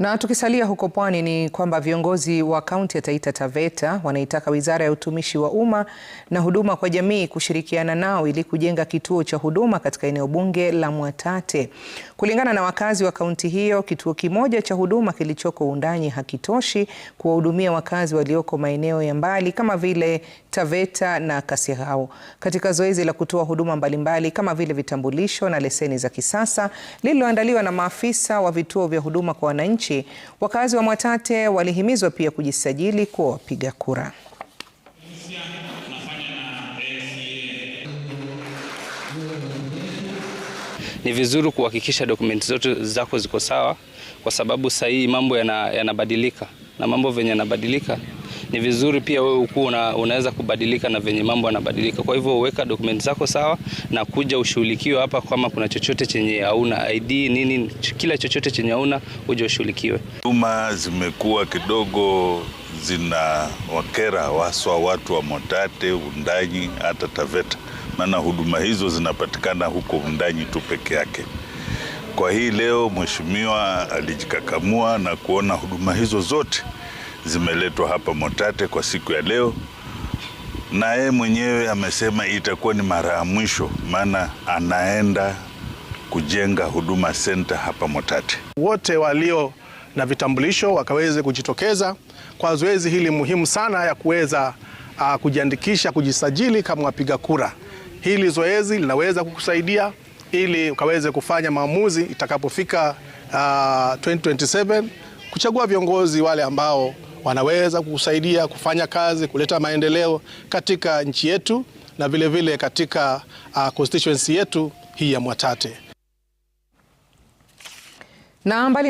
Na tukisalia huko Pwani ni kwamba viongozi wa kaunti ya Taita Taveta wanaitaka Wizara ya Utumishi wa Umma na Huduma kwa Jamii kushirikiana nao ili kujenga kituo cha huduma katika eneo bunge la Mwatate. Kulingana na wakazi wa kaunti hiyo, kituo kimoja cha huduma kilichoko Undanyi hakitoshi kuwahudumia wakazi walioko maeneo ya mbali kama vile Taveta na Kasihau. Katika zoezi la kutoa huduma mbalimbali kama vile vitambulisho na leseni za kisasa lililoandaliwa na maafisa wa vituo vya huduma kwa wananchi wananchi. Wakazi wa Mwatate walihimizwa pia kujisajili kuwa wapiga kura. Ni vizuri kuhakikisha dokumenti zote zako ziko sawa, kwa sababu sahii mambo yanabadilika, yana na mambo venye yanabadilika ni vizuri pia wewe ukuu una, unaweza kubadilika na venye mambo yanabadilika. Kwa hivyo weka dokumenti zako sawa na kuja ushughulikiwe hapa, kama kuna chochote chenye hauna ID nini, kila chochote chenye hauna uje ushughulikiwe. Huduma zimekuwa kidogo zina wakera waswa watu wa Motate, Undanyi hata Taveta, maana huduma hizo zinapatikana huko Undanyi tu peke yake. Kwa hii leo mheshimiwa alijikakamua na kuona huduma hizo zote zimeletwa hapa Motate kwa siku ya leo, na yeye mwenyewe amesema itakuwa ni mara ya mwisho, maana anaenda kujenga huduma center hapa Motate. Wote walio na vitambulisho wakaweze kujitokeza kwa zoezi hili muhimu sana ya kuweza uh, kujiandikisha kujisajili kama wapiga kura. Hili zoezi linaweza kukusaidia ili ukaweze kufanya maamuzi itakapofika uh, ah, 2027 kuchagua viongozi wale ambao wanaweza kukusaidia kufanya kazi, kuleta maendeleo katika nchi yetu na vilevile vile katika uh, constituency yetu hii ya Mwatate na mbali